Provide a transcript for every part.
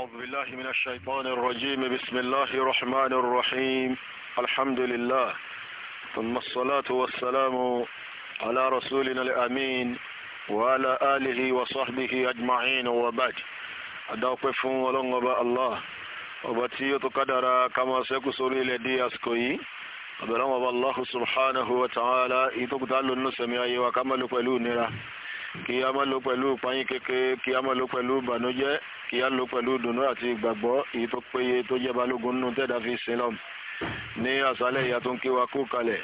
أعوذ بالله من الشيطان الرجيم بسم الله الرحمن الرحيم الحمد لله ثم الصلاة والسلام على رسولنا الأمين وعلى آله وصحبه أجمعين وبعد أدعوك فون ولنغبا الله وباتي تقدر كما سيكسر إلى دي أسكوي أبرام الله سبحانه وتعالى إذ تقدر لنسمي وكما لقلوننا kí a máa lò pẹ̀lú ìpayín kékeré kí a máa lò pẹ̀lú ìbànújẹ́ kí a lò pẹ̀lú ìdùnnú àti ìgbàgbọ́ èyí tó péye tó jẹ́ balógun nínú tẹ́dá fi sin lọ́m ní àṣálẹ̀ ìyá tó ń kí wa kú kalẹ̀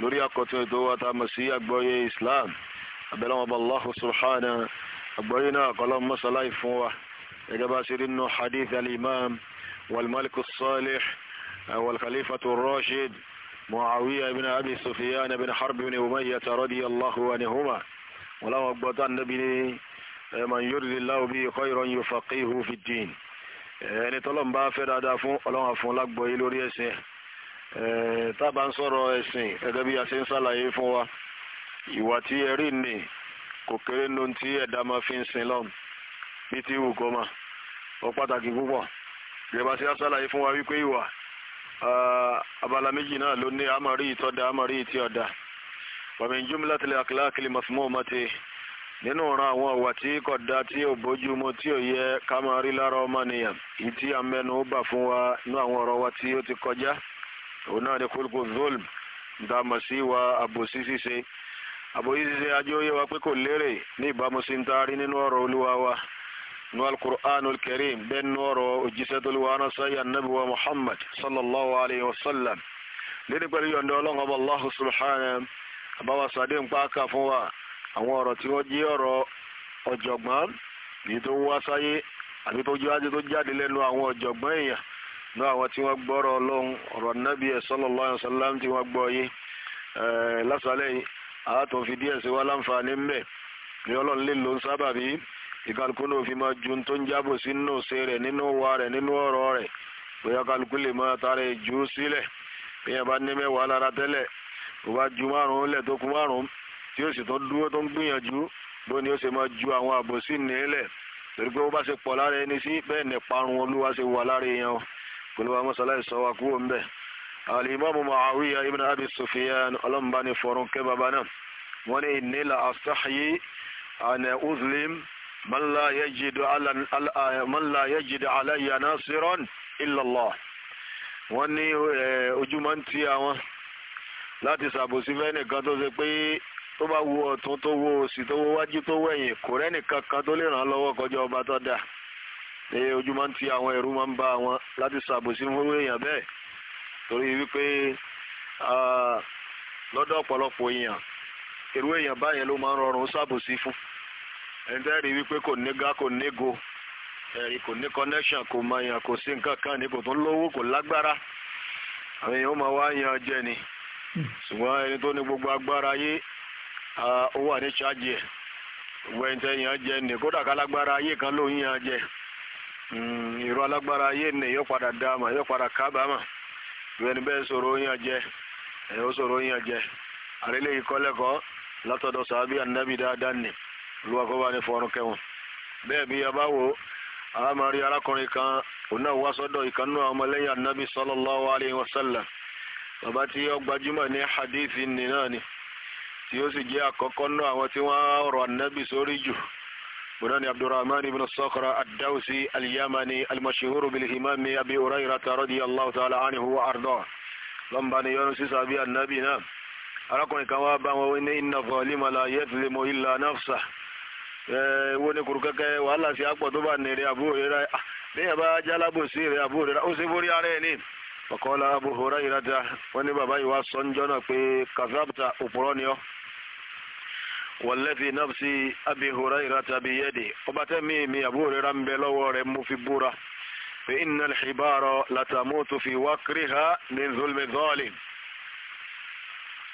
lórí àkọ́tún ètò wa tá mọ̀ sí àgbọ́yé Islam abẹ́lẹ́wọ̀n bá Allahu subhanahu àgbọ́yé náà kọ́lọ́ mọ́sálàì fún wa gẹ́gẹ́ bá ṣe nínú hadith al-imam والملك الصالح والخليفة الراشد معاوية بن أبي سفيان بن حرب بن أمية رضي الله عنهما wọn làwọn gbọ́ tó ànábì ní man yuridillahu bihi khayran yufaqihu fid-din ẹni tọ́lọ́run bá fẹ́ dáadáa fún ọlọ́run àfún lágbọ̀ọ́yé lórí ẹ̀sìn tá a bá ń sọ̀rọ̀ ẹ̀sìn gẹ́gẹ́ bí a ṣe ń ṣàlàyé fún wa ìwà tí ẹ rí ni kò kéré nu tí ẹ̀dá máa fi ń sin lọ́run bí ti wù kọ́ ma pàtàkì púpọ̀ gẹ̀ẹ́bà sí àṣàlàyé fún wa wípé ìwà abala méjì náà ló ní àmọ̀rí ìtọ́da àmọ̀rí ìtí ọ̀dà wàmí jumla tilẹ̀ akíláàkìlì mọ̀fúnmọ́ọ̀mọ́tì nínú ọ̀ràn àwọn ọ̀wà tí kò dá tí ò bójú mu tí ò yẹ ká máa rí lára ọmọnìyàn yìí tí a mẹ́nu bà fún wa nínú àwọn ọ̀rọ̀ wa tí ó ti kọjá òun náà ni kúlùkù zulm dàmọ̀ sí wa àbòsí ṣíṣe àbòsí ṣíṣe ajóyè wa pé kò lérè ní ìbámu sí ń taari nínú ọ̀rọ̀ olúwa wa nínú alukur'anul karim bẹ́ẹ̀ nínú ọ̀rọ̀ òjíṣẹ́ tó lè wa muhammad sallallahu alayhi wa sallam lẹ́ni pẹ̀lú yọ̀ǹda ọlọ́run ọba allah àbáwá sàdé ń pa ká fún wa àwọn ọ̀rọ̀ tí wọ́n jẹ́ ọ̀rọ̀ ọ̀jọ̀gbọ́n èyí tó wá sáyé àbí tó jáde tó jáde lẹ́nu àwọn ọ̀jọ̀gbọ́n èèyàn ní àwọn tí wọ́n gbọ́rọ̀ ọlọ́run ọ̀rọ̀ nábì sallallahu alaihi wasallam tí wọ́n gbọ́ yé lásàlẹ̀ yìí àátọ̀ fi díẹ̀ sí wa láǹfààní mbẹ̀ ní ọlọ́run lè lò ń sábà bí ìkàlùkù náà fi máa ju tó ń jábọ̀ sí nínú ṣe rẹ̀ nínú wa rẹ̀ nínú ọ̀rọ̀ rẹ̀ bóyá kàlùkù lè máa tara ìjú sílẹ̀ bí yẹn bá ní mẹ́wàá lára tẹ́lẹ̀ tó bá ju márùn-ún lẹ̀ tó kù márùn-ún tí ó sì tó dúró tó ń gbìyànjú bó ni ó ṣe máa ju àwọn àbòsí nílẹ̀ torí pé ó bá ṣe pọ̀ lára ẹni sí bẹ́ẹ̀ ní parun olúwa ṣe wà lára èèyàn olúwa mọ́sálásí sọ wa kúrò ńbẹ̀. alimami muawiya ibn abi sufiyan ọlọ́mùbá ni fọ̀rùn kẹ́ bàbá náà wọ́n ní ìnílà asáhìí àna uzlim man la yajidu ala man la yajidu alayya nasiran illa Allah wọ́n ní ojúmọ́ ń ti àwọn láti ṣàbòsí fẹ́nìkan tó ṣe pé tó bá wo ọ̀tún tó wo òsì tó wo wájú tó wẹ̀yìn kò rẹ́nìkan kan tó lè ràn án lọ́wọ́ kọjá ọba tó dà ní ojú máa ń ti àwọn ẹ̀rú máa ń bá wọn láti ṣàbòsí fún èèyàn bẹ́ẹ̀ torí wípé lọ́dọ̀ ọ̀pọ̀lọpọ̀ èèyàn irú èèyàn báyẹn ló máa ń rọrùn ṣàbòsí fún ẹni tẹ́ rí wípé kò ní ga kò ní go ẹ̀rí kò ní connection kò mọ èèyàn kò sí nǹkan kan ní kò tún lówó kò lágbára àwọn èèyàn ó máa wá yan jẹ ni. ṣùgbọ́n ẹni tó ní gbogbo agbára ayé ó wà ní ṣáàjì ẹ̀ gbẹ̀ǹtẹ̀ yẹn jẹ ní kódà kálágbára ayé kan ló ń yàn jẹ alagbara hmm, alágbára ayé ní yóò padà dá ma yóò padà kábàámà ìrẹ́ni bẹ́ẹ̀ sọ̀rọ̀ yàn jẹ ẹ̀ ó sọ̀rọ̀ yàn jẹ àrílẹ̀ yìí kọ́lẹ́kọ́ látọ̀dọ̀ sàbí ànábì dáadáa nì olùwàkọ́bà ní fọ́ọ̀rùn kẹwọn bẹ́ẹ̀ bí a bá wò kan òun náà wá sọ́dọ̀ ìkànnú àwọn ọmọlẹ́yìn ànábì bàbá tí ó gbajúmọ̀ ní hadithi ni náà ni tí ó sì jẹ́ àkọ́kọ́ náà àwọn tí wọ́n ọ̀rọ̀ ànábì sórí jù bùnà ni abdulrahman ibn sakhra ad-dawsi al-yamani al-mashhur bil-imam abi hurairah radiyallahu ta'ala anhu wa arda lọ́nba ni yọnu sísá bí ànábì náà arákùnrin kan wá bá wọn ní inna zalima la yadhlimu illa nafsah wo ni kuru kẹkẹ wàhálà sí àpọ̀ tó bá nìrẹ̀ àbúrò rẹ̀ bẹ́ẹ̀ bá jálábòsí rẹ̀ àbúrò rẹ̀ ó sì borí ara ẹ̀ ní ọ̀kọ́lá Abu Hurairata wọ́n ní bàbá yìí wá sọ ń jọ́nà pé kazabta òpùrọ́ ni ọ́ wọ̀lẹ́fì nafsi Abi Hurairata biyadi ọba tẹ́mi mi Abu Hurairata ń bẹ lọ́wọ́ rẹ̀ mo fi búra pé innal hibara latamutu fi wakriha min zulmi zalim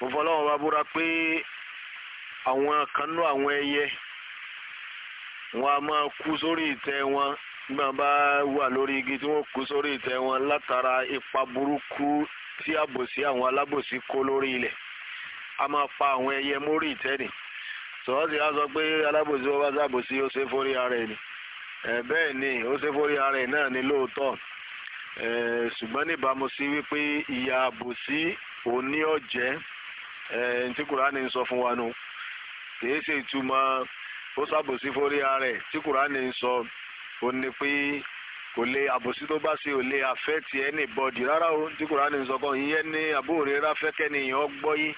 mo fọlọ́wọ́ bá búra pé àwọn kanú àwọn ẹyẹ wọn a máa kú sórí ìtẹ wọn nígbà bá wà lórí igi tí wọ́n kú sórí ìtẹ wọn látara ipa burúkú tí àbòsí àwọn alábòsí kó lórí ilẹ̀ a máa pa àwọn ẹyẹ mórí ìtẹ ni sọ́ọ́sì á sọ pé alábòsí wọn bá ó ṣe ara ẹ̀ ni bẹ́ẹ̀ ni ó ṣe ara ẹ̀ náà ni lóòótọ́ ṣùgbọ́n tí kùránì ń sọ ó ṣàbòsí forí ara ẹ̀ tí kùránì ń sọ ó ní pé kò lè àbòsí tó bá ṣe ò lè àfẹ́tì ẹni bọ́dì rárá o tí kùránì ń sọ kan ìyẹn ní àbúrò rẹ ráfẹ́kẹ́ ni ìyẹn gbọ́ yí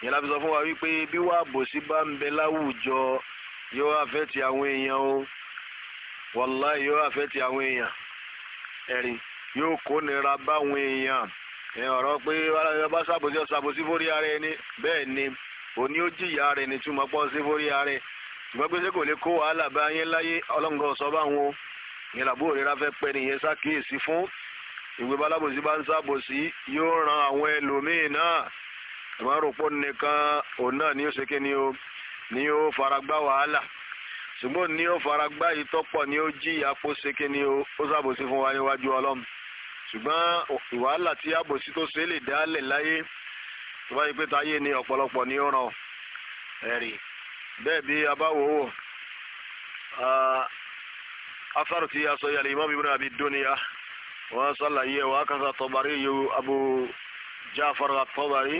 ìyẹn láti sọ fún wa wípé bí wàá àbòsí bá ń bẹ láwùjọ yóò àfẹ́tì àwọn èèyàn o wàláì yóò àfẹ́tì àwọn èèyàn ẹ̀rí yóò kó nira báwọn èèyàn ọ̀rọ̀ pé ọba ṣàbòsí ọ̀ṣàbòsí forí ara ẹni bẹ́ẹ̀ ni òní ó jìyà rẹ̀ ní pọ́ sí forí ara ẹni ṣùgbọ́n gbèsè kò lè kó wàhálà bá yín láyé ọlọ́ngàn sọ bá wọn yẹn làbó òrera fẹ́ pẹ́ nìyẹn ṣàkíyèsí fún ìwé balábòsí bá ń ṣàbòsí yóò ran àwọn ẹlòmíín náà ìmọ̀rùpọ̀ nìkan òun náà ni ó ṣe kíni o ni ó faragbá wàhálà ṣùgbọ́n ni ó faragbá ìtọ́pọ̀ ni ó jìyà kó ṣe kíni o ó ṣàbòsí fún wa níwájú ọlọ́run ṣùgbọ́n wàhálà tí àbòsí tó ṣe lè dálẹ̀ láyé tó bá yẹ pé táyé ni ọ̀pọ̀lọpọ̀ ni ó ràn ẹ̀rì bẹ́ẹ̀ bí a bá wò ó afaru tí a sọ yàrá imam ibn abi dunya wọ́n sàlàyé wọ́n kàtà tọ́bárí yóò abu jafar tọ́bárí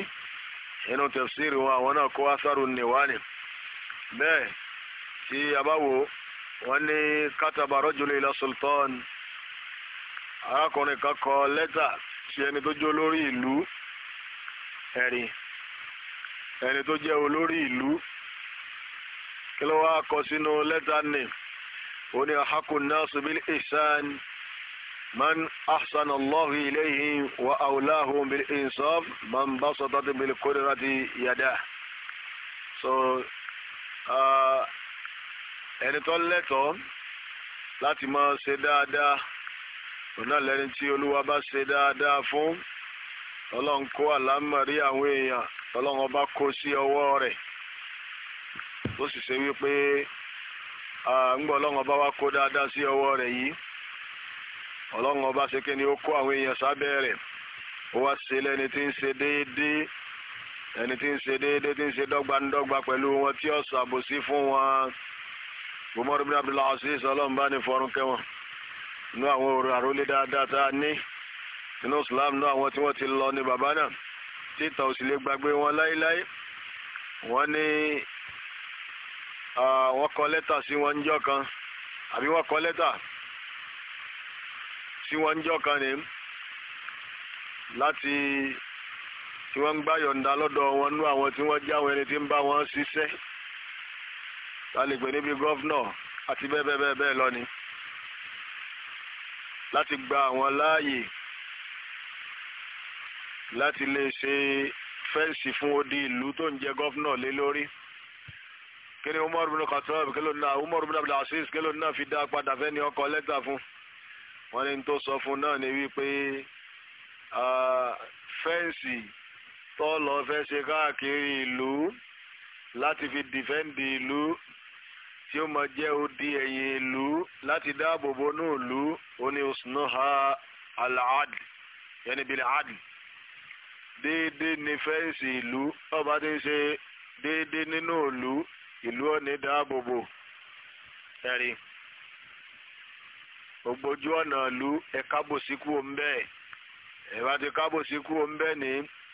inú tafsiri wọn àwọn náà kó afaru nìwánì bẹ́ẹ̀ tí a bá wò ó wọ́n ní kátàbà rọ́jòlè sultan arákùnrin kan kọ lẹ́tà sí ẹni tó jẹ́ olórí ìlú ẹ̀rí ẹni tó jẹ́ olórí ìlú. kí ló wá kọ sínú lẹ́tà ní ó ní hakun nasu isan man ahsan allahu ilayhi wa awlahum bil insaf man basatat bil qudrati yada so ẹni tó lẹ́tọ̀ọ́ láti máa ṣe dáadáa ọ̀nà lẹ́ni tí olúwa bá ṣe dáadáa fún ọlọ́run kó àlámọ̀rí àwọn èèyàn ọlọ́run ọba kó sí ọwọ́ rẹ̀. ó sì ṣe wípé ńgbọ́ ọlọ́run ọba wa kó dáadáa sí ọwọ́ rẹ̀ yìí ọlọ́run ọba ṣe kí ni ó kó àwọn èèyàn sábẹ́ rẹ̀ ó wá ṣe lẹ́ni tí ń ṣe déédéé ẹni tí ń ṣe déédéé tí ń ṣe dọ́gbandọ́gba pẹ̀lú wọn tí ó ṣàbòsí fún wọn Umar bin Abdul Aziz ọlọ́run bá ní fọrún kẹwọn inú àwọn òru àrólé dáadáa tá a ní inú Islam náà àwọn tí wọ́n ti lọ ní bàbá náà títà òsì gbàgbé wọn láéláé wọ́n ní Ah, wọ́n kọ lẹ́tà sí wọn níjọ́ kan àbí wọ́n kọ lẹ́tà sí wọn níjọ́ kan ni láti tí wọ́n ń gbá yọ̀ǹda lọ́dọ̀ wọn nú àwọn tí wọ́n jáwọn ẹni tí ń bá wọn ṣiṣẹ́ lálẹ́gbẹ̀ẹ́ níbi gọ́fúnọ̀ àti bẹ́ẹ̀ bẹ́ẹ̀ bẹ́ẹ̀ bẹ́ẹ̀ lọ ni láti gba àwọn láàyè láti lè ṣe fẹ́ǹsì fún odi ìlú tó ń jẹ gọ́fúnọ̀ lé lórí kíni umar bin khatab kí ló ná umar bin abdulaziz kí ló ná fi dá padà fẹ́ ni ọkọ̀ lẹ́tà fún wọn ni tó sọ fún náà ni wípé fẹ́ǹsì tọ́lọ fẹ́ ṣe káàkiri ìlú láti fi dìfẹ́ǹdì ìlú tí ó máa jẹ́ odi ẹ̀yìn ìlú láti dáàbò bo inú ìlú ó ní usnuha al-adl yẹni bil adl déédéé ni fẹ́ǹsì ìlú ọba ti ń ṣe déédéé nínú ìlú ìlú òní dáàbòbò ẹ̀rí ògbójú ọ̀nà ìlú ẹ kábòsí kú o ń bẹ́ẹ̀ ẹ bá ti kábòsí kú o bẹ́ẹ̀ ní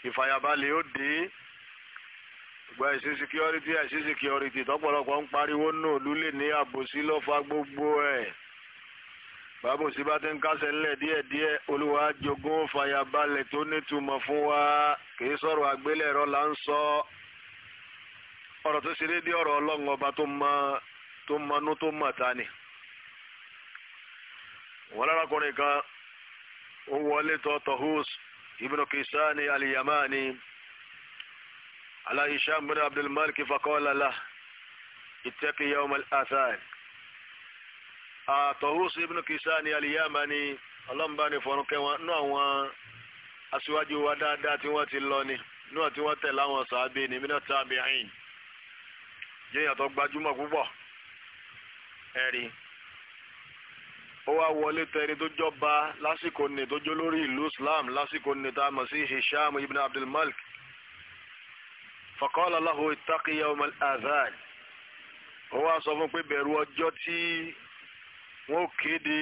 ìfàyàbalẹ̀ ó dé ìgbà ẹ̀sìn security ẹ̀sìn security tọ́pọ̀lọpọ̀ ń pariwo náà ìlú lè ní àbòsí lọ́fà gbogbo ẹ̀ bábòsí bá ti ń kásẹ̀ ńlẹ̀ díẹ̀díẹ̀ olúwa jogún fàyàbalẹ̀ tó nítumọ̀ fún wa kì í sọ̀rọ̀ àgbélẹ̀rọ là ń sọ ọ́ ọ̀rọ̀ tó ṣe déédéé ọ̀rọ̀ ọlọ́run ọba tó mọ tó mọnú tó mọ̀ ta ni. wọn lárakùnrin kan ó wọlé tọ Tawus ibn Kisani al-Yamani ala Hisham bin Abdul Malik faqala lah ittaqi yawm al-athar. Tawus ibn Kisani al-Yamani ọlọ́mùbá ni fọ̀rùn kẹwọn nú àwọn aṣíwájú wa dáadáa tí wọ́n ti lọ ni nú àti wọ́n tẹ̀ láwọn sàábì ní mínà tábìáìn jẹ́yàn tó gbajúmọ̀ púpọ̀ ẹ̀rí ó wá wọlé tẹni tó jọba lásìkò ní tó jó lórí ìlú Islam lásìkò ní tá a mọ̀ sí Hisham ibn Abdul Malik faqala lahu ittaqi yawm al-adhan ó wá sọ fún pé bẹ̀rù ọjọ́ tí wọ́n kéde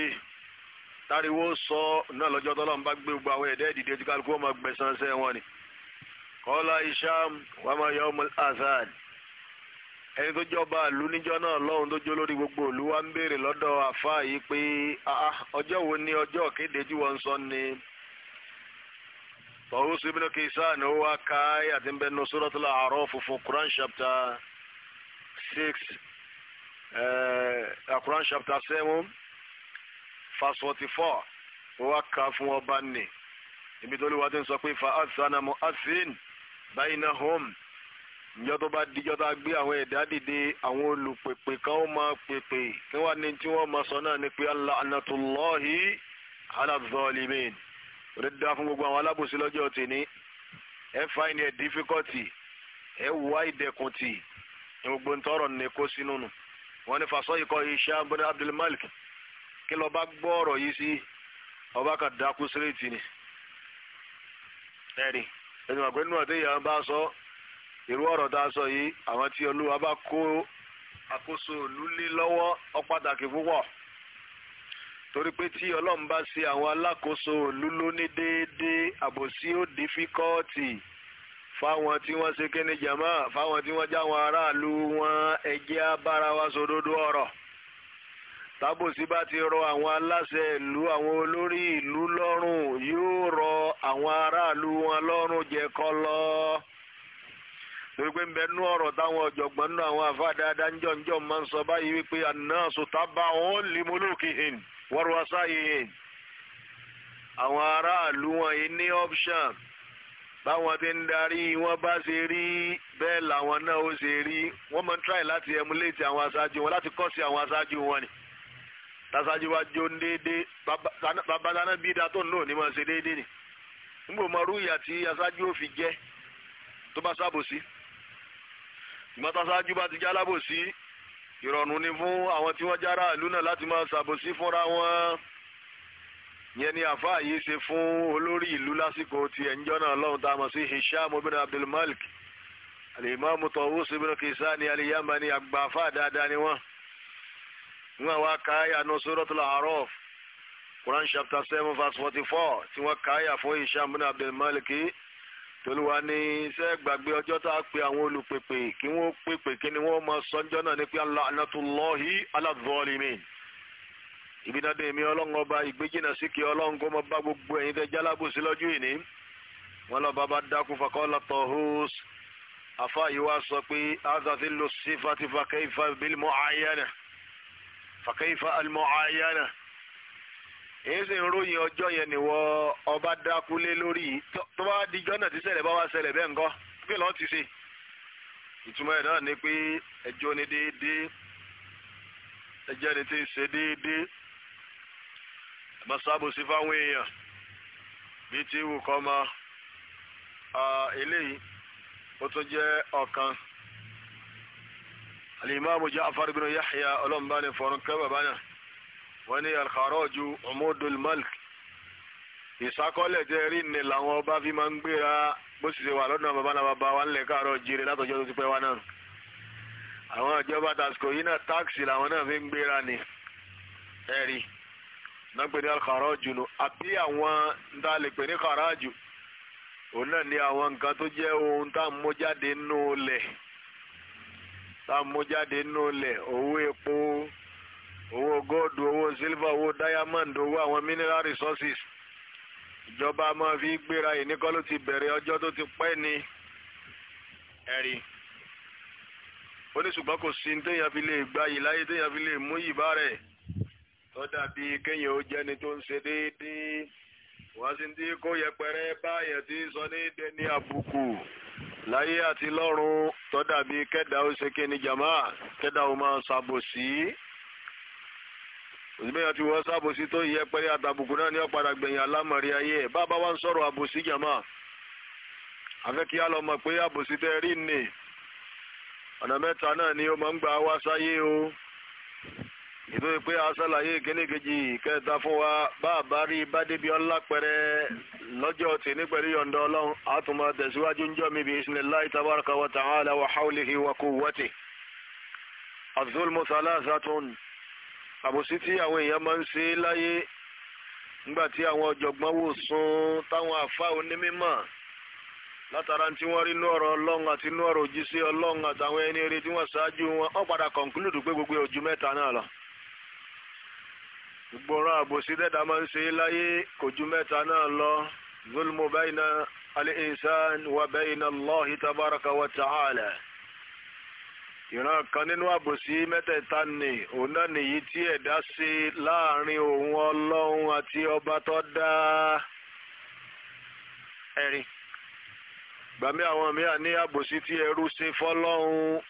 táriwo sọ náà lọ́jọ́ tó lọ́n gbé gbogbo àwọn ẹ̀dá ìdìde tí kálukú ọmọ gbẹ̀sán sẹ́ wọn ni qala Hisham wa ma yawm al ẹni tó jọba ìlú níjọ́ náà lọ́hùn tó jó lórí gbogbo ìlú wa ń béèrè lọ́dọ̀ àfáà yìí pé ọjọ́ wo ni ọjọ́ kéde tí wọ́n ń sọ ni tọ́wọ́sí ibn Kaysan ó wá ká àti ń bẹ Quran chapter six uh, Quran chapter seven verse forty four ó wá ká fún ọba nì ibi tó lè wá ti ń sọ pé fa ìjọ tó bá dijọ́ a gbé àwọn ẹ̀dá dìde àwọn olùpèpè kan ó máa pèpè kí wàá ní tí wọ́n máa sọ náà ni pé alànàtúlọ́hì alàzọ́ọ̀lìmìn òde dá fún gbogbo àwọn alábòsí lọ́jọ́ tèmi ẹ fáìn ẹ dífíkọ́tì ẹ wá ìdẹ̀kùntì ní gbogbo ntọ́rọ̀ ní kó sínú nù wọ́n ní fasọ́ ikọ̀ iṣẹ́ abúlé abdulmalik kí lọ́ọ́ bá gbọ́ ọ̀rọ̀ yìí sí ọba kan dákú síréètì ni ẹ̀rì ẹ̀dùnmọ̀ irú ọ̀rọ̀ tá a sọ yìí àwọn tí olúwa bá kó àkóso ìlú lé lọ́wọ́ ó pàtàkì púpọ̀ torí pé tí ọlọ́run bá ṣe àwọn alákòóso ìlú lóní déédéé àbòsí ó dífíkọ́ọ̀tì fáwọn tí wọ́n ṣe kíni jàmá fáwọn tí wọ́n jáwọn aráàlú wọn ẹjẹ́ abára wa ọ̀rọ̀ tábòsí bá ti rọ àwọn aláṣẹ ìlú àwọn olórí ìlú lọ́rùn yóò rọ àwọn aráàlú wọn lọ́rùn jẹ́kọ́ lọ́ọ́ torí pé nbẹ nú ọ̀rọ̀ táwọn ọ̀jọ̀gbọ́n nú àwọn àfa dáadáa ń jọǹjọ máa ń sọ báyìí wípé annasu taba'un limulukihim warwasa'ihim àwọn aráàlú wọ̀nyí ní option báwọn ti ń darí wọn bá ṣe rí bẹ́ẹ̀ làwọn náà ó ṣe rí wọ́n máa ń try láti emulate àwọn aṣáájú wọn láti kọ́ sí àwọn aṣáájú wọn ni tasajú wa jó ń déédéé babalana bíi da tó ń lò ní máa ṣe déédéé ni n bò mọ rúùyà tí aṣáájú ò fi jẹ́ tó bá sábòsí ìmọ̀tàṣáájú bá ti já lábòsí ìrọ̀rùn ni fún àwọn tí wọ́n jára ìlú náà láti máa ṣàbòsí fúnra wọn yẹn ni àfáà yìí ṣe fún olórí ìlú lásìkò ti ẹ̀ńjọ́ náà lọ́hùn tá a mọ̀ sí Hisham ibn Abdulmalik alimami Tawus ibn Kisani aliyamani àgbà àfáà dáadáa ni wọ́n wọn wá káyà ní Suratul A'raf Quran chapter seven verse forty four tí wọ́n káyà fún Hisham ibn Abdulmalik yìí tolúwa ní iṣẹ́ gbàgbé ọjọ́ tá a pe àwọn olùpèpè kí wọ́n pèpè kí ni wọ́n mọ sọ́njọ́ náà ní pé aláàtúlọ́hí aláàbọ̀ọ́lìmí ibi dáadé mi ọlọ́run ọba ìgbéjìnà sí kí ọlọ́run kó mọ bá gbogbo ẹ̀yin tẹ́ jálábùsí lọ́jọ́ ìní wọn lọ bá bá dákú fakọ́lá tọ́hús afa yìí wá sọ pé azàtí lọ sí fatifakẹ́ifà bílmọ̀ ayánà fakẹ́ifà almọ̀ ayánà. èsì ìròyìn ọjọ́ yẹn nìwọ ọba dákúlé lórí tó bá dijọ́ náà ti ṣẹlẹ̀ bá wá ṣẹlẹ̀ bẹ́ẹ̀ ńkọ́ kí lọ́ọ́ ti ṣe ìtumọ̀ ẹ̀dá ni pé ẹjọ́ ni déédéé ẹjẹ́ ni ti ṣe déédéé ẹ má ṣàbòsí fáwọn èèyàn bíi ti wù kọ́ ma eléyìí ó tún jẹ́ ọ̀kan alimami Ja'far bin Yahya wọ́n ní alkharaju umudul malk ìsákọ́lẹ̀ tẹ́ rí ni làwọn ọba fi máa ń gbéra bó sì ṣe wà lọ́dún bàbá náà bàbá wa ńlẹ̀ káàárọ̀ jíire látọjọ́ tó ti pẹ́ wa náà àwọn ìjọba tàsíkò yìí náà táàkì làwọn náà fi ń gbéra ni ẹ̀rí náà pè ní alkharaju nù àbí àwọn ń ta lè pè ní kharaju òun náà ní àwọn nǹkan tó jẹ́ ohun tá mú jáde nínú ilẹ̀ tá mú jáde nínú ilẹ̀ owó epo sílvà owó diamond owó àwọn mineral resources ìjọba máa fi gbéra ìníkọ́ ló ti bẹ̀rẹ̀ ọjọ́ tó ti pẹ́ ni ẹ̀rí ó ní ṣùgbọ́n kò sí téèyàn fi lè gba yìí láyé téèyàn fi lè mú yìí bá rẹ̀ tó dàbí kéèyàn ó jẹni tó ń ṣe déédéé wọ́n sì ń dín kó yẹpẹrẹ báyẹn tí ń sọ ní dẹni àbùkù láyé àti lọ́run tó dàbí kẹ́dà ó ṣe kí ni jàmáà kẹ́dà ó máa ṣàbòsí òsínbẹ́yà ti wọ́n sábòsí tó yẹ pẹ́rẹ́ àtàbùkù náà ní ọ̀padà gbẹ̀yìn alámọ̀rí ayé ẹ̀ bàbá wa ń sọ̀rọ̀ àbòsí jàmá afẹ́ kí á lọ mọ̀ pé àbòsí tẹ́ rí nì ọ̀nà mẹ́ta náà ni ó máa ń gbà wá sáyé o ìlú pé aṣàlàyé kíníkejì kẹta fún wa bàbá rí bádébí ọlá pẹrẹ lọ́jọ́ tìní pẹ̀lú yọ̀ǹda ọlọ́run àtúmọ̀ tẹ̀síwájú ń jọ́ mi bí isnillahi tabaraka wa ta'ala wa hawlihi wa quwwatihi az-zulmu thalathatun. àbòsí tí àwọn èèyàn máa ń ṣe láyé nígbà tí àwọn ọ̀jọ̀gbọ́n wò sùn táwọn àfa onímọ̀ látara tí wọ́n rí inú ọ̀rọ̀ ọlọ́run àti inú àtàwọn ẹni tí ṣáájú wọn wọ́n padà kọ̀ǹkúlùdù pé gbogbo ojú mẹ́ta náà lọ. gbogbo ọ̀rọ̀ àbòsí dẹ́dà máa ń ṣe láyé kò ju náà lọ zulmu bayna al-insan wa ìran kan nínú àbòsí mẹ́tẹ̀ẹ̀ta ni òun náà nìyí tí ẹ̀dá ṣe láàrin òun ọlọ́run àti ọba tó dá ẹ̀rin gbàmí àwọn mìíràn ní àbòsí tí ẹrú ṣe fọ́lọ́run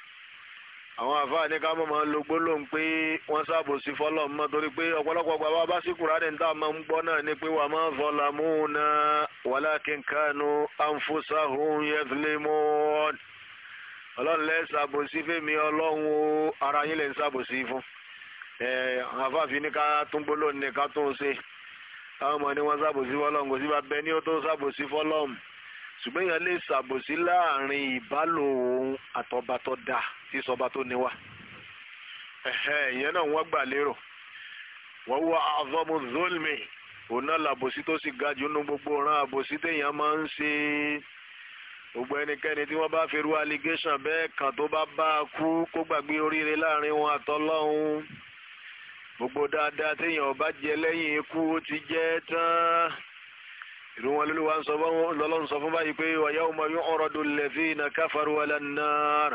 àwọn àfáà ní ká mọ̀ máa lo gbólóhùn pé wọ́n ṣàbòsí fọ́lọ́run mọ́ torí pé ọ̀pọ̀lọpọ̀ gbà wá bá sí Kùránì ń gbọ́ náà ni pé wà máa ń zalamuna walakin kanu anfusahum yadhlimun ọlọ́run lẹ́ ṣàbòsí fẹ́mi ọlọ́run o ara yín lẹ́ ń ṣàbòsí fún àfààfin ní ká tún gbólóhùn ní ká tún ṣe àwọn ọmọ ni wọ́n ṣàbòsí fọlọ́run kò sí bá bẹ ní ó tó ṣàbòsí fọlọ́run ṣùgbọ́n èèyàn lè ṣàbòsí láàrin ìbálò òun àtọba tó da tí sọba tó níwà ìyẹn náà wọ́n gbà lérò wọ́n wọ àzọ́mu zolmi òun náà làbòsí tó sì ga jù gbogbo ọ̀ràn àbòsí téèyàn máa ń ṣe gbogbo ẹnikẹ́ni tí wọ́n bá fi ru allegation bẹ́ẹ̀ kan tó bá bá a kú kó gbàgbé oríire láàrin wọn àtọ́lọ́hún gbogbo dáadáa téèyàn ọba jẹ lẹ́yìn ikú ó ti jẹ́ tán irú wọn lóluwà ń sọ fún lọ́lọ́run sọ fún báyìí pé wa yawma yu'radu alladhina kafaru ala an-nar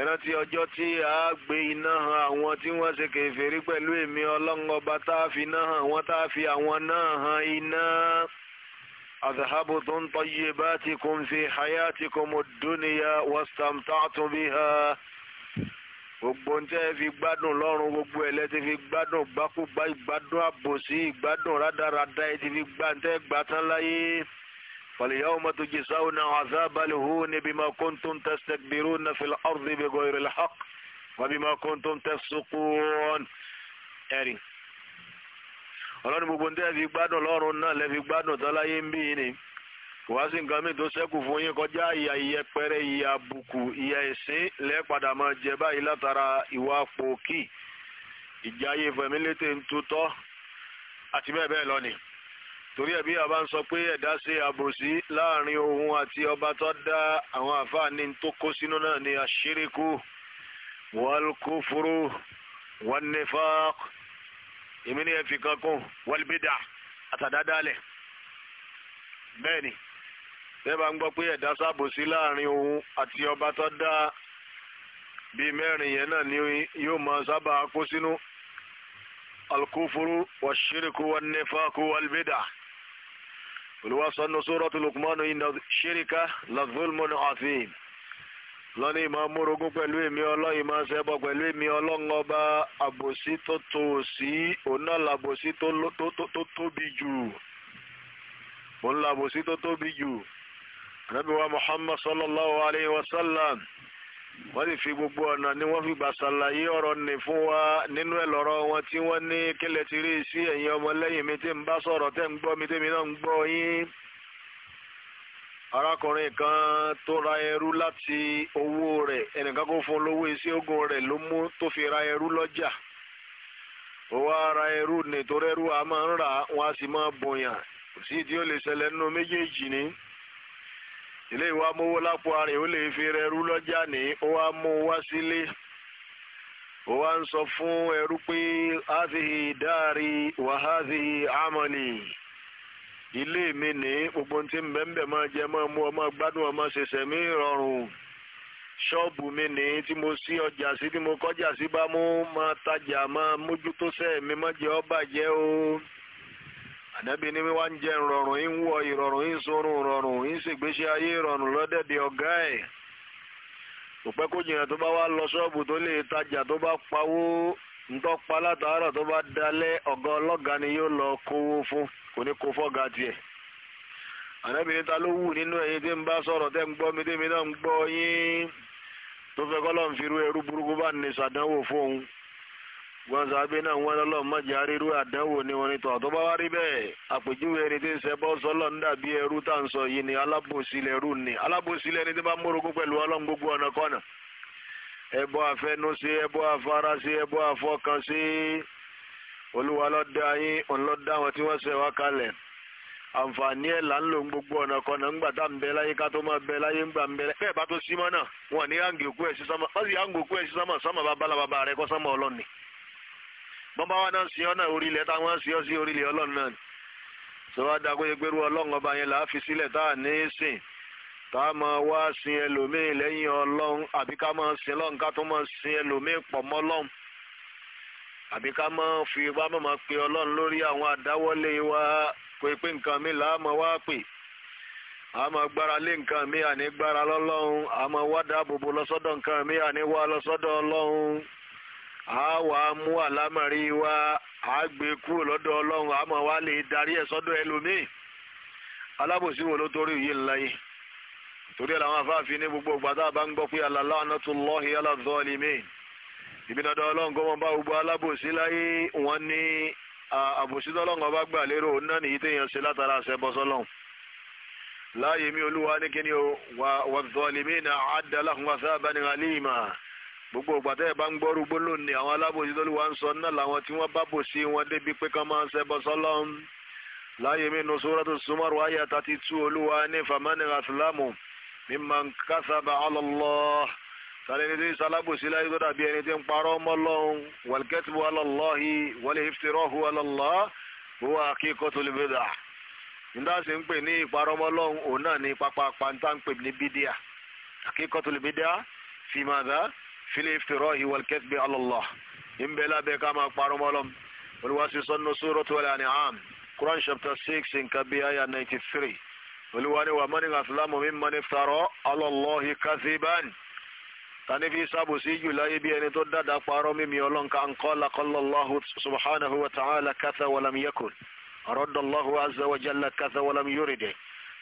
ìrántí ọjọ́ tí a gbé iná hàn àwọn tí wọ́n ṣe kèfèrí pẹ̀lú èmi ọlọ́run tá a fi iná hàn wọ́n tá a fi àwọn náà hàn iná. أذهبتم طيباتكم في حياتكم الدنيا واستمتعت بها gbogbo tẹ́ fi gbádùn lọ́rùn gbogbo ẹ̀ ti fi gbádùn gbákúgbá ìgbádùn àbòsí ìgbádùn rádaràda ẹ̀ ti fi gbá tẹ́ gbà tán láyé. فاليوم تجزون عذاب الهون بما كنتم تستكبرون في الأرض بغير الحق وبما كنتم تفسقون. ọlọ́ni gbogbo ń tẹ́ fi gbádùn lọ́rùn náà lẹ́fi gbádùn tọ́láyé ń bí ni wá sí nǹkan mi tó ṣẹ́kù fún yín kọjá ìyà ìyẹpẹrẹ ìyà àbùkù ìyà ẹ̀sìn lẹ́ẹ̀padà máa jẹ báyìí látara ìwà pòkì ìjáyé fẹ̀mílétè ń tutọ́ àti bẹ́ẹ̀ bẹ́ẹ̀ lọ ni torí ẹ̀bí àbá ń sọ pé ẹ̀dá ṣe àbòsí láàrin òun àti ọba tó dá àwọn àfáàní tó kó sínú náà ní àṣírí kú wal kufru wan nifaq èmi ni ẹ fi kan kún wọlébédà àtàdádálẹ̀ bẹ́ẹ̀ ni bẹ́ẹ̀ bá ń gbọ́ pé ẹ̀dá sábòsí láàrin òun àti ọba tó dá bíi mẹ́rin yẹn náà ni yóò máa sábà kó sínú alkufuru wàṣírìkú wa nífàkú wọlébédà olùwàsánú sóràtú Luqman inna ṣíríkà lazulmun azim lọ́ní ìmọ̀ múrogún pẹ̀lú èmi ọlọ́run ìmọ̀ ṣẹbọ pẹ̀lú èmi ọlọ́run ọba àbòsí tó tó sí òun náà làbòsí tó tóbi jù òun làbòsí tó tóbi jù ànábì wa muhammad sallallahu alayhi wa sallam wọ́n sì fi gbogbo ọ̀nà ni wọ́n fi gbà ṣàlàyé ọ̀rọ̀ nì fún wa nínú ẹ̀ lọ́rọ̀ wọn tí wọ́n ní kílẹ̀ ti rí sí ẹ̀yin ọmọlẹ́yìn mi tí ń bá sọ̀rọ̀ tẹ́ ń gbọ́ mi tẹ́mi náà ń gbọ́ yín arákùnrin kan tó ra ẹrú láti owó rẹ̀ ẹnìkan kó fún lówó iṣẹ́ ogun rẹ̀ ló mú tó fi ra ẹrú lọ́jà ó wá ra ẹrú nítorí ẹrú a máa ń rà wọn a sì máa bòyàn kò sí ìdí ó lè ṣẹlẹ̀ nínú méjèèjì ni ilé ìwà mówó lápò ara ó lè fi ẹrú lọ́jà ní ó wá mú wá sílé ó wá ń sọ fún ẹrú pé hazihi dárí wàhazihi amali ilé mi ní gbogbo tí ń bẹ ń bẹ máa jẹ máa mú ọ máa gbádùn ọ máa ṣẹṣẹ mí rọrùn ṣọ́ọ̀bù mi ní tí mo sí ọjà sí tí mo kọjá sí bá mú máa tajà máa mójútó sẹ́ẹ̀ mi má ọ bàjẹ́ o ànábì ni wá ń jẹ ìrọ̀rùn ń wọ ìrọ̀rùn ń sorun ìrọ̀rùn ń ṣègbésí ayé ìrọ̀rùn lọ́dẹ̀dẹ̀ ọ̀gá ẹ̀ òpẹ́ kó jìnnà tó bá wá lọ ṣọ́ọ̀bù tó lè tajà tó bá pawó ntọ́pa látàárọ̀ tó bá dalẹ̀ ọ̀gá ọlọ́gá ni yóò lọ kówó fún kò ní kó fọ́gà tiẹ̀ àrẹ́bìnrin ta ló wù nínú ẹ̀yin tí ń bá sọ̀rọ̀ tẹ́ ń gbọ́ mi tẹ́mi náà ń gbọ́ yín tó fẹ́ kọ́ lọ́n fi ẹrú burúkú bá ní sàdánwò fóun wọn sábẹ́ náà wọn lọ́lọ́ mọ̀jẹ́ arírú àdánwò ni wọn ní tọ̀ tó bá wá rí bẹ́ẹ̀ àpèjúwe ẹni tí ń ṣe bọ́ sọ́lọ́ ń dàbí ẹrú tá à ń sọ yìí ni alábòsílẹ̀ ẹrú ni alábòsílẹ̀ ẹni tí bá mórogún pẹ̀lú ọlọ́run ọ̀nà kọ́nà ẹbọ afẹnusí ẹbọ afárasí ẹbọ afọkansí olúwa lọ́dọ̀ ayín ọlọ́dọ̀ àwọn tí wọ́n ṣẹ̀ wá kalẹ̀ àǹfààní ẹ̀ là ń lò ń gbogbo ọ̀nà kan náà ńgbà tá à ń bẹ láyé ká tó máa bẹ láyé ńgbà ń bẹ láyé bẹ́ẹ̀ bá tó sí mọ́ náà wọn ní yáǹgì òkú ẹ̀ sí sámà wọ́n sì yáǹgì òkú ẹ̀ sí sámà sámà bá bala bàbá rẹ̀ kọ́ sámà ọlọ́ọ̀ni bọ́n bá wà náà sí ọ náà orí ilẹ̀ táwọn sí ọ sí orí ọlọ́ọ̀ni náà ni sọ kó yẹ pé irú ká máa wá sin ẹlòmíì lẹ́yìn ọlọ́run àbí ká máa sin lọ́run ká tún máa sin ẹlòmíì pọ̀ mọ́ lọ́run àbí ká máa fi ipá máa pe ọlọ́run lórí àwọn àdáwọ́lé wa pé pé nǹkan mi là á máa wá pè á máa gbára lé nǹkan mi àní gbára lọ́lọ́run á máa wá dáàbòbò lọ́sọ́dọ̀ nǹkan mi àní wá lọ́sọ́dọ̀ ọlọ́run á wà á mú àlámọ̀rí wa á gbé kúrò lọ́dọ̀ ọlọ́run á máa wá lè darí ẹ̀ sọ́dọ̀ ẹlòmíì alábòsí wo ló torí yìí ńlá yìí torí ẹ̀ làwọn afáàfin ní gbogbo gbàtà bá ń gbọ́ pé la'natullahi ala zalimin ìbí dandan ọlọ́run kọ́ wọn bá gbogbo alábòsí láyé wọn ní àbòsí tọ́lọ́run ọba gbà lérò náà nìyí téèyàn ṣe látara àṣẹbọsọ́lọ́run láàyè mi olúwa ní kíni o wà zalimina adda lahum azaban alima gbogbo gbàtà ẹ̀ bá ń gbọ́ rúgbó lónìí àwọn alábòsí tó lùwà ń sọ náà làwọn tí wọ́n bá bòsí wọn débi olúwa ní famani aslamu mimman kasaba ala Allah sani ni tí salabusi láyé tó dàbí ẹni tí ń parọ́ mọ́ Ọlọ́hun wàlkẹ́tìbù ala Allahi wal iftirahu ala Allah huwa haqiqatul bid'ah nígbà tí ń pè ní ìparọ́ mọ́ Ọlọ́hun òun náà ní pápá pàǹtà ń pè ní bídíà haqiqatul bid'ah fi madha fil iftirahi wàlkẹ́tìbù ala Allah ń bẹ lábẹ́ ká máa parọ́ mọ́ olùwàsí sọ́nù suratul An'am Quran chapter olúwarí wa mọ́ni asilamu mi mọ́ni sarọ́ alọ́lọ́hi kaziban tanifi sábùsí jùlọ ibi ẹni tó dáadáa parọ́ mímí ọlọ́nka nkọ́lá kọ́lọ́lọ́hu subhanahu wa ta'ala kata walam yakun arọ́dọ̀lọ́hu azza wa jalla kata walam yuride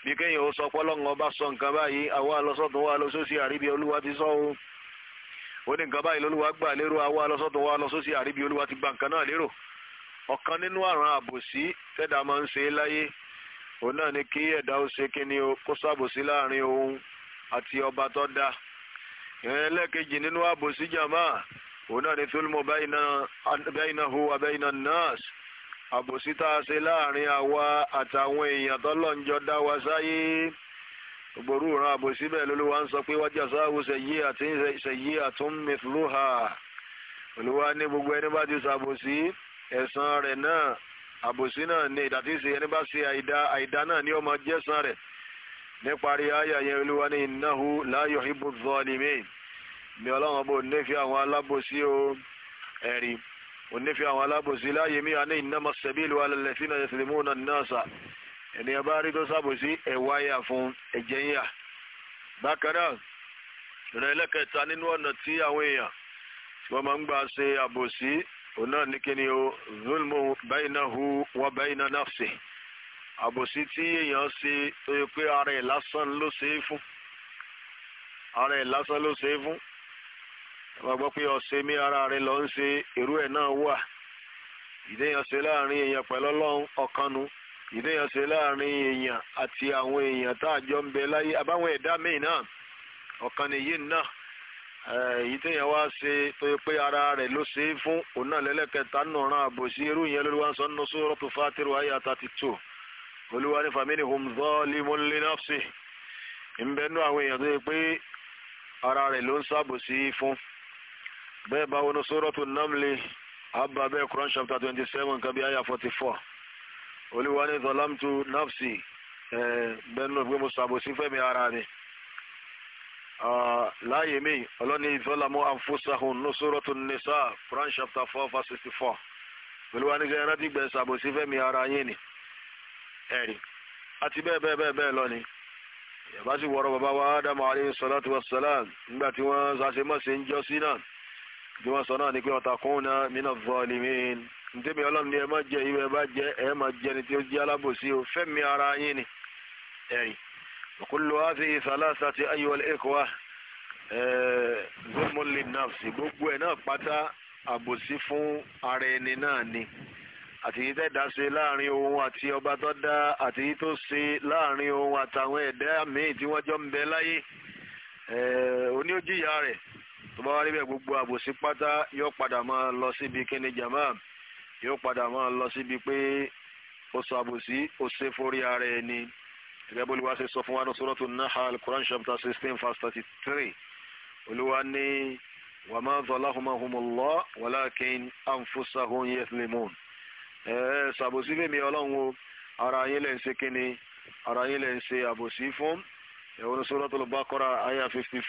bí kéèyàn ó sọ pọ́lọ́ngàn ọba sọ nǹkan báyìí àwa lọ́sọ̀tún wa lọ́sọ̀sí àríbi olúwa ti sọ ó ní nǹkan báyìí lolúwa gbà lérò àwa lọ́sọ̀tún wa lọ́sọ̀sí àríbi olúwa ti gba nǹkan náà lérò ọ̀kan nínú àrùn àbòsí tẹ́dà máa ń ṣe láyé òun náà ni kí ẹ̀dá ó ṣe kíni o kó ṣàbòsí láàrin òun àti ọba tó dá ìrìn ẹlẹ́ẹ̀kejì nínú àbòsí jàmá òun náà ni thulmu bainahu wa bainan nas àbòsí tá a ṣe láàrin àwa àtàwọn èèyàn tọ́lọ́njọ́ dá wa sáyé gbòòrò ìran àbòsí bẹ́ẹ̀ lÓlúwa ń sọ pé wájà sáwù ṣèyí àti ṣèyí àtúnmìflúhà Olúwa ní gbogbo ẹni bá ti ṣàbòsí ẹ̀san rẹ̀ náà àbòsí náà ni ìdàtí ṣe ẹni bá ṣe àìdá àìdá náà ni ó máa jẹ́san rẹ̀ níparí ayà yẹn olúwa ní innahu la yuhibbu zalimin mi ọlọ́run ọba onífẹ́ àwọn alábòsí o ẹ̀rí onífẹ́ àwọn alábòsí láàyè mí àní innama sabilu ala alladhina yaslimuna an-nasa ènìyàn bá rí tó sábòsí ẹ̀wáyà fún ẹ̀jẹ̀ yíyà bákan náà rẹ̀ lẹ́kẹta nínú ọ̀nà tí àwọn èèyàn tí wọ́n máa ń gbà ṣe àbòsí òun náà ní kíni o zulmu baynahu wa bayna nafsi àbòsí tí èèyàn ṣe tó yẹ pé ara ẹ̀ lásán ló ṣe é fún ara ẹ̀ lásán ló ṣe é fún wọ́n gbọ́ pé ọ̀sẹ̀ mi ara rẹ̀ lọ ń ṣe irú ẹ̀ náà wà ìdẹ́yàn ṣe láàrin èèyàn pẹ̀lú ọlọ́run ọ̀kanu ìdẹ́yàn ṣe láàrin èèyàn àti àwọn èèyàn tá a jọ ń bẹ láyé àbáwọn ẹ̀dá míì náà ọ̀kan nìyí náà èyí eh, téèyàn wá ṣe tó yẹ pé ara rẹ̀ ló ṣe é fún òun náà lẹ́lẹ́kẹta nù ọ̀ràn àbòsí irú ìyẹn lórí wá ń sọ nínú Suratu Fatir àyà thirty two olúwa ní faminhum zalimun li nafsihi ìbẹ́nu àwọn èèyàn tó yẹ pé ara rẹ̀ ló ń ṣàbòsí fún bẹ́ẹ̀ bá wọnú Suratu Namli abba bẹ́ẹ̀ Quran chapter twenty seven nǹkan bí àyà forty four olúwa ní zalamtu nafsi eh, bẹ́ẹ̀ nù pé mo ṣàbòsí fẹ́mi ara mi. Ah, láàyè mi ọlọ́ni ìzọ́lámú anfusahun nusuratu nisa Quran chapter four verse sixty four pẹ̀lú wa ní kẹ́ rántí gbẹ̀ ṣàbòsí fẹ́mi ara yín ni ẹ̀rí àti bẹ́ẹ̀ bẹ́ẹ̀ bẹ́ẹ̀ bẹ́ẹ̀ lọ ni ìyàbá sì wọ̀rọ̀ bàbá wa ádámù alayhi salatu wa salam nígbà tí wọ́n ṣàṣe mọ̀ṣe ń jọ sí náà bí wọ́n sọ náà ni pé watakuna mina zalimin ntẹ́mi ọlọ́run ni ẹ má jẹ ibẹ̀ bá jẹ ẹ má jẹ ni tí ó jẹ́ alábòsí o fẹ́mi ara yín ni ẹ̀rí وكل هذه ثلاثة أيها الإخوة ظلم للنفس gbogbo ẹ̀ náà pátá àbòsí fún ara ẹni náà ni àtìyí tẹ́ dá ṣe láàrin òun àti ọba tó dá àtìyí tó ṣe láàrin òun àtàwọn ẹ̀dá míì tí wọ́n jọ ń bẹ láyé oníjìyà rẹ̀ tó bá wá rí gbogbo àbòsí pátá yóò padà máa lọ síbi kíni jàmá yóò padà máa lọ síbi pé ó ṣàbòsí ó ṣe forí ara ẹni gẹ́gẹ́ bí olúwa ṣe sọ fún wa ní suratul Nahl Quran chapter sixteen verse thirty three olúwa ní wa ma zalahumahumullah walakin anfusahum yadhlimun ẹ̀ẹ́ ṣàbòsí fèmí ọlọ́run o ara yín lè ń ṣe kíni ara yín lè ń ṣe àbòsí fún ẹ̀wọ̀n suratul Baqara aya fifty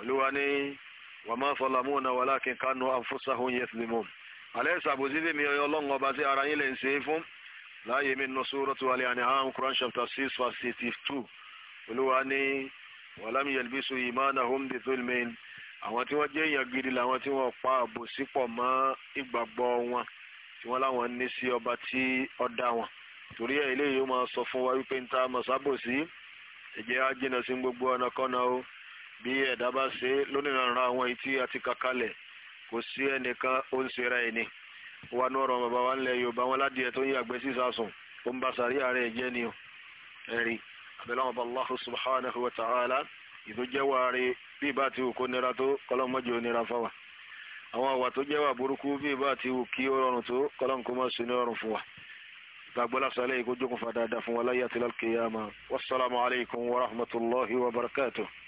olúwa ní wa ma zalamuna walakin kanu anfusahum yadhlimun àlẹ́ ṣàbòsí fèmí ọlọ́run ọba tí ara yín lè ń ṣe fún láàyè mi nù sóròtù alẹ́ àni àwọn Quran chapter six verse eighty two olúwa ní wàlámi yẹlbisu ìmáàna home de zulmin àwọn tí wọ́n jẹ́ èèyàn gidi làwọn tí wọ́n pa àbòsí pọ̀ mọ́ ìgbàgbọ́ wọn tí wọ́n láwọn ní sí ọba tí ó dá wọn torí ẹ̀ eléyìí ó máa sọ fún wa wípé ń mọ̀sábòsí ẹ̀jẹ̀ á jìnnà sí gbogbo ọ̀nà kọ́nà o bí ẹ̀dá bá ṣe lónìí ràn ra àwọn etí àti kàkálẹ̀ kò sí ẹnìkan ó ń ṣera ẹni wa ní ọ̀rọ̀ bàbá wa ńlẹ̀ yorùbá wọn ládìẹ tó ń yàgbẹ́ sísàsùn ó ń bá sàrí ààrẹ jẹ́ ni ẹ̀rí abẹ́láwọn bá Allahu subhanahu wa ta'ala ìdójẹ́wà rẹ̀ bí ìbá ti wù kó nira tó kọ́lọ́mọ́jì ò nira fáwà àwọn àwà tó jẹ́wà burúkú bí ìbá ti wù kí ó rọrùn tó kọ́lọ́mù kó má sí ní ọrùn fún wa gbàgbọ́ wassalamu alaykum wa rahmatullahi wa barakatuh.